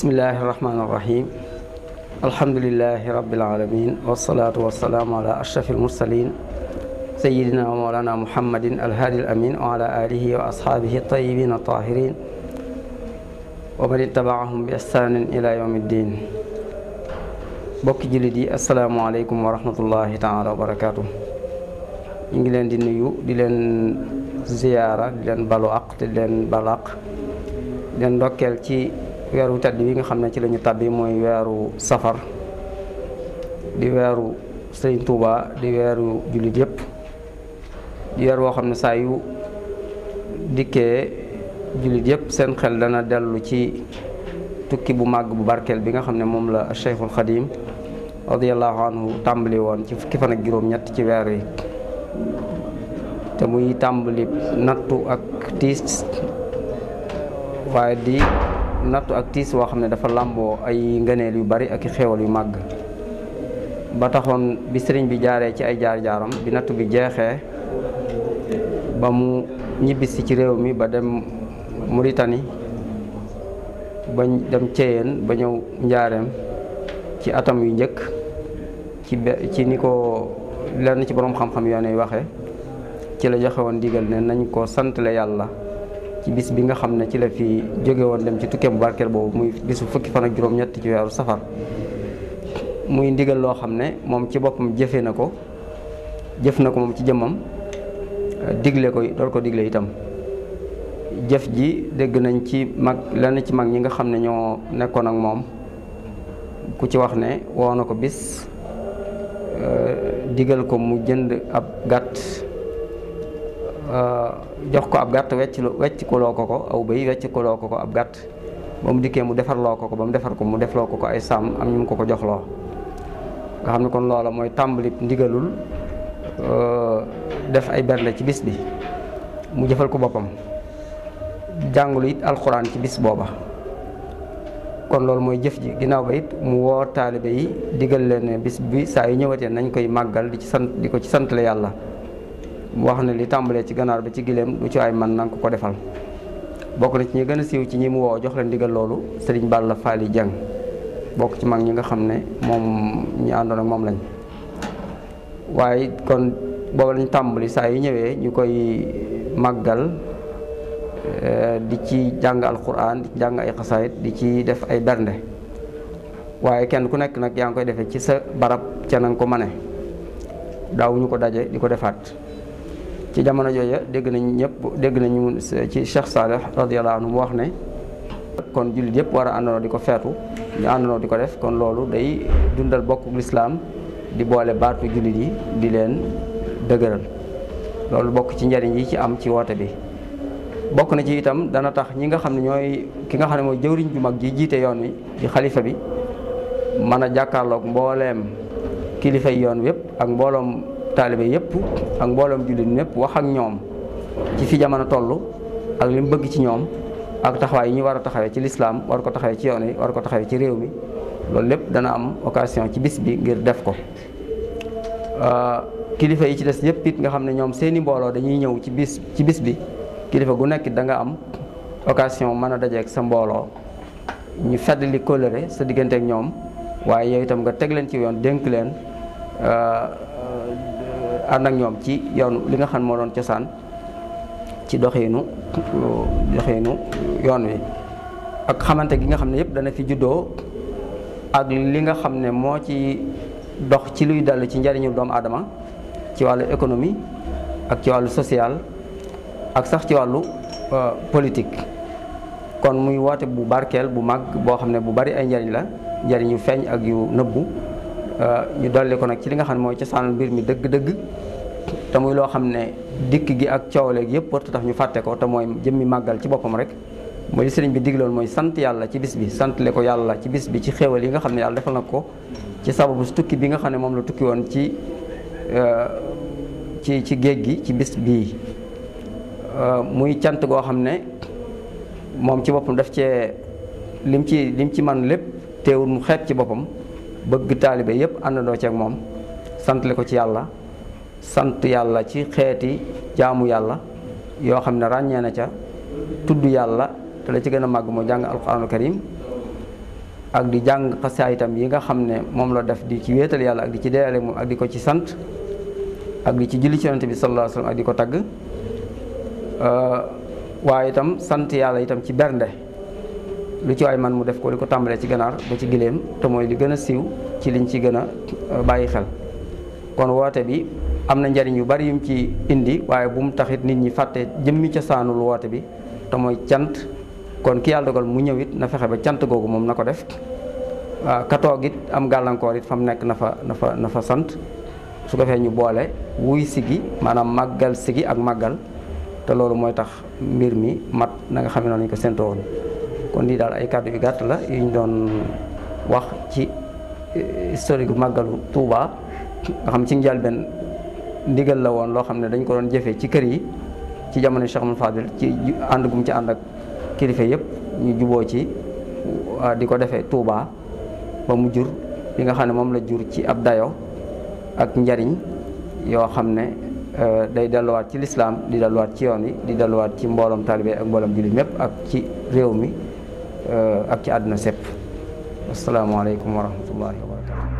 bismillahi irrahmani irrahim alhamdulilahi rabilalamin wasalaatu wasalaamu ala ashrafi almursalin sayidina wa moolana muhammadin alhaadi alamin wa ala alihi wa ashaabihi tayibin tahirin wa man ittabaahum bi ihsanin ila yawmi ddin bokki jullit yi asalaamualeykum wa rahmatullahi taala wa barakatuh ñu ngi leen di nuyu di leen ziyaara di leen balu aq di leen balu aq di leen ndokkeel ci weeru tedd bi nga xam ne ci lañu tàbbi mooy weeru safar di weeru sëriñ Touba di weeru jullit yépp di weer woo xam ne saa yu dikkee jullit yépp seen xel dana dellu ci tukki bu màgg bu barkeel bi nga xam ne moom la Cheikhul Khadim radiyallahu anhu tàmbali woon ci fukki fan ak juróom-ñett ci weer yi te muy tàmbali nattu ak tiis waaye di nattu ak tiis woo xam ne dafa làmboo ay ngëneel yu bari ak xewal yu màgg ba taxoon bi sëriñ bi jaaree ci ay jaar-jaaram bi nattu bi jeexee ba mu ñibbisi ci réew mi ba dem Mauritanie ba dem Ceyeen ba ñëw njaareem ci atam yu njëkk ci ci ni ko lenn ci boroom xam-xam yoone waxe ci la joxe woon ne nañ ko santale yàlla ci bis bi nga xam ne ci la fi jóge woon dem ci bu barkeel boobu muy bisu fukki fan ak juróom-ñett ci weeru safar muy ndigal loo xam ne moom ci boppam jëfe na ko jëf na ko moom ci jëmmam digle ko door ko digle itam jëf ji dégg nañ ci mag lenn ci mag ñi nga xam ne ñoo nekkoon ak moom ku ci wax ne woo na ko bis euh, digal ko mu jënd ab gàtt Euh, jox ko ab gàtt wecc wecc ko loo ko ko aw bëy wecc ko ko ko ab gàtt ba mu dikkee mu defar loo ko ko ba mu defar ko mu defloo ko ko ay sàmm ak ñu mu ko ko jox nga xam ne kon loola mooy tàmbali ndigalul euh, def ay berle ci bis bi mu jëfal ko boppam jàngul it alxuraan ci bis booba kon loolu mooy jëf ji ginnaaw ba it mu woor taalibe yi digal leen ne bis bi saa yu ñëwatee nañ koy màggal di ci sant di ko ci santale yàlla wax ne li tàmbalee ci ganaar ba ci gileem lu ci ay man nanga ko ko defal bokk na ci ñi gën a siiw ci ñi mu woo jox leen ndigal loolu sëriñ Balla Faali Jang bokk ci mag ñi nga xam ne moom ñu àndoon ak moom lañ waaye kon booba lañ tàmbali saa yu ñëwee ñu koy màggal eh, di ci jàng alquran di ci jàng ay xasaayit di ci def ay bernde waaye kenn ku nekk nag yaa ngi koy defee ci sa barab ca na ko mane daawuñu ko daje di ko defaat ci jamono jooja dégg nañ ñëpp dégg nañu ci Cheikh Salih radiyallahu anhu mu wax ne kon jullit yëpp war a àndandoo di ko feetu ñu àndandoo di ko def kon loolu day dundal bokku lislaam di boole baatu jullit yi di leen dëgëral loolu bokk ci njariñ yi ci am ci woote bi bokk na ci itam dana tax ñi nga xam ne ñooy ki nga xam ne mooy jëwriñ ju mag ji jiite yoon wi ci xalifa bi mën a jàkkaarloog mbooleem kilifay yoon wi yëpp ak mbooloom taalibe yëpp ak mbooloom jullit ñëpp wax ak ñoom ci fi jamono toll ak li mu bëgg ci ñoom ak taxawaay yi ñu war a taxawee ci lislaam war ko taxawee ci yoon yi war ko taxawee ci réew mi loolu lépp dana am occasion ci bis bi ngir def ko euh, kilifa yi ci des yëpp nga xam ne ñoom seeni mbooloo dañuy ñëw ci bis ci bis bi kilifa gu nekk danga am occasion mën a dajeek sa mbooloo ñu feddali kóllëre sa diggante ak ñoom waaye yow itam nga teg leen ci yoon dénk leen euh, ànd ak ñoom ci yoonu li nga xam moo doon cosaan ci doxiinu doxiinu yoon wi ak xamante gi nga xam ne yëpp dana fi juddoo ak li nga xam ne moo ci dox ci luy dal ci njariñu doomu aadama ci wàllu économie ak ci wàllu social ak sax ci wàllu euh, politique kon muy woote bu barkeel bu mag boo xam ne bu bari ay njariñ la njariñ feeñ ak yu nëbbu euh, ñu dolli ko nag ci li nga xam ne mooy cosaanul mbir mi dëgg-dëgg te muy loo xam ne dikk gi ak coowleeg yëpp warta tax ñu fàtte ko te mooy jëmmi màggal ci boppam rek mooy li sëriñ bi digloon mooy sant yàlla ci bis bi santle ko yàlla ci bis bi ci xéewal yi nga xam ne yàlla ko ci sababu tukki bi nga xam ne moom la tukki woon ci euh, ci ci géej gi ci bis bii euh, muy cant goo xam ne moom ci boppam def cee lim ci lim ci man lépp teewul mu xeet ci boppam bëgg taalibe yëpp àndandoo ceeg moom santle ko ci yàlla sant yàlla ci xeeti jaamu yàlla yoo xam ne ràññee na ca tudd yàlla te la ci gën a màgg moo jàng alquraanul karim ak di jàng xasaay itam yi nga xam ne moom la def di ci wéetal yàlla ak di ci deeale moom ak di ko ci sant ak di ci julli ci yonent bi sallallahu alayhi wasallam ak di ko tagg euh, waaye itam sant yàlla itam ci bernde lu ci waay man mu def ko li ko tàmbalee ci ganaar ba ci giléem te mooy li gën a siiw ci liñ ci gën a euh, bàyyi xel kon woote bi am na njariñ yu bari yum ci indi waaye bu mu taxit nit ñi fàtte jëmmi cosaanul woote bi te mooy cant kon ki yàlla dogal mu ñëw it na fexe ba cant googu moom na ko def ah, katoog it am gàllankoor it fa mu nekk na fa na fa na fa sant su ko fee ñu boole wuy sigi maanaam màggal sigi ak màggal te loolu mooy tax mbir mi mat na nga xam ne noonu ko séntoo kon lii daal ay kàddu yu gàtt la yu ñu doon wax ci eh, historique màggalu Touba nga xam ci njëlbeen ndigal la woon loo xam ne dañ ko doon jëfee ci kër yi ci jamono Cheikh Mouhamadou Fadil ci ànd gum ci ànd ak kilifa yëpp ñu juboo ci di ko defee Touba ba mu jur li nga xam ne moom la jur ci ab dayo ak njariñ yoo xam ne euh, day delluwaat ci lislaam di delluwaat ci yoon yi di delluwaat ci mbooloom taalibe ak mbooloom jullit mépp ak ci réew mi euh, ak ci àdduna sépp asalaamaaleykum wa rahmatullahi wa barakatu